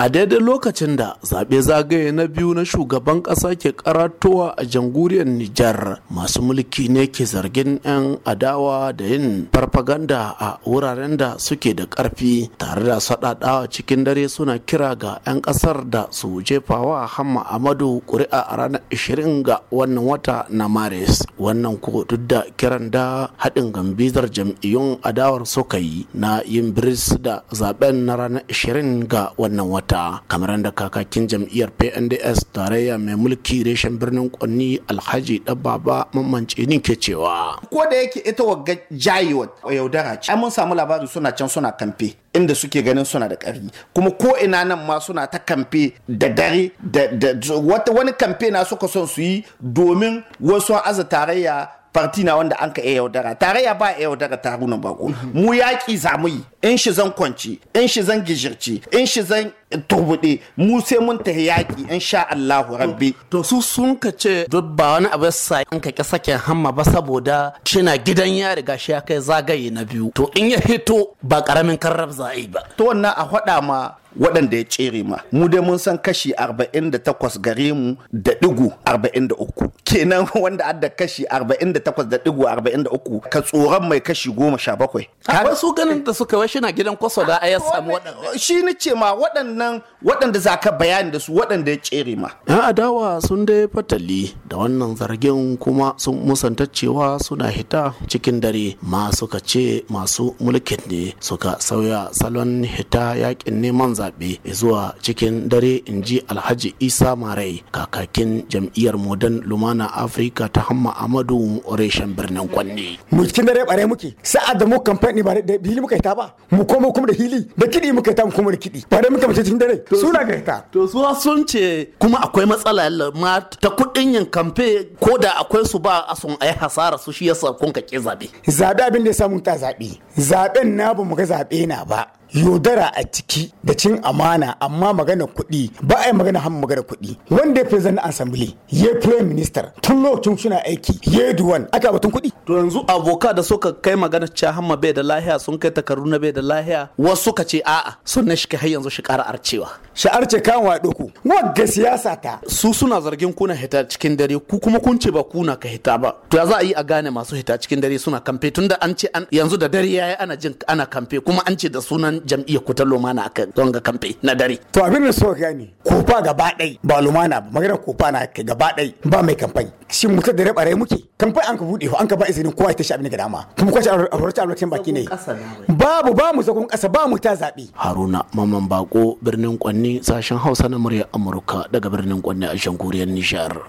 a daidai lokacin da zaɓe zagaye na biyu na shugaban ƙasa ke karatowa a jamhuriyar Nijar masu mulki ne ke zargin 'yan adawa da yin farfaganda a wuraren da suke da ƙarfi tare da saɗaɗawa cikin dare suna kira ga 'yan ƙasar da su jefawa hamma amadu ƙuri'a a ranar 20 ga wannan wata na maris wannan ko duk da kiran da haɗin gambizar jam'iyyun adawar suka yi na yin biris da zaɓen na ranar 20 ga wannan wata mata kamar da kakakin jam'iyyar pnds tarayya mai mulki reshen birnin kwanni alhaji dababa mamance ni ke cewa ko da yake ita wagga jayewa yaudara ce mun samu labari suna can suna kamfe inda suke ganin suna da ƙari kuma ko ina nan ma suna ta kamfe da dare da wani kamfe na suka son su yi domin wasu aza tarayya farti na wanda an ka iya yaudara tare ya ba iya yaudara taruna bako mu yaƙi za mu in shi zan kwanci in shi zan gijirci in shi zan turbuɗe mu sai mun tafi yaƙi in sha Allahu rabbi. To su sun ka ce duk ba wani abu sa in ka ƙi sakin hamma ba saboda cina gidan ya riga shi ya kai zagaye na biyu. To in ya hito ba ƙaramin karrab za ba. To wannan a faɗa ma waɗanda ya cere ma mu dai mun san kashi 48 gare mu da digu 43 kenan wanda adda kashi 48 da digu 43 ka tsoron mai kashi 17 akwai su ganin da suka washi na gidan kwaso da ayas samu waɗanda shi ni ce ma waɗannan waɗanda za ka bayani da su waɗanda ya cere ma yan adawa sun dai fatali da wannan zargin kuma sun musanta cewa suna hita cikin dare ma suka ce masu mulkin ne suka sauya salon hita yakin neman zaɓe zuwa cikin dare in ji alhaji isa marai kakakin jam'iyyar modern lumana afirka ta hamma amadu reshen birnin kwanne mu cikin dare bare muke sa'a da mu kamfani ba da hili muka ta ba mu koma kuma da hili da kiɗi muka ta mu koma da kiɗi ba muka mace cikin dare suna ga ta to su sun ce kuma akwai matsala ma ta kuɗin yin kamfe ko da akwai su ba a sun ai hasara su shi yasa kun ka ki zabe zabe abin da ya samu ta zabe zaben na ba mu ga zabe na ba yaudara a ciki da cin amana amma magana kuɗi ba a yi magana hannu magana kuɗi wanda ya zan assembly ya prime minister tun lokacin suna aiki ya duwan aka batun kuɗi to yanzu avoka da suka kai magana cewa hamma bai da lahiya sun kai takardu na bai da lahiya wasu ka ce a'a na shi har yanzu shi ƙara arcewa sha'ar ce kan wa ɗoku wagga siyasa ta su suna zargin kuna hita cikin dare ku kuma kun ce ba kuna ka hita ba to ya za a yi a gane masu hita cikin dare suna kamfe tunda an ce yanzu da dare yi ana jin ana kamfe kuma an ce da sunan jam'iyyar kutar lumana aka zonga kamfe na dare to abin da suka gani kofa gaba ɗai ba lumana ba magana kofa na ka gaba ɗai ba mai kamfe. shi mutar da rabarai muke kamfe an ka buɗe an ka ba izinin kowa ta shi abin da dama kuma kwace albarkacin albarkacin baki ne babu ba mu zagon ƙasa ba mu ta zaɓe haruna maman bako birnin kwanni sashen hausa na murya amurka daga birnin kwanni a shankuriyar nishar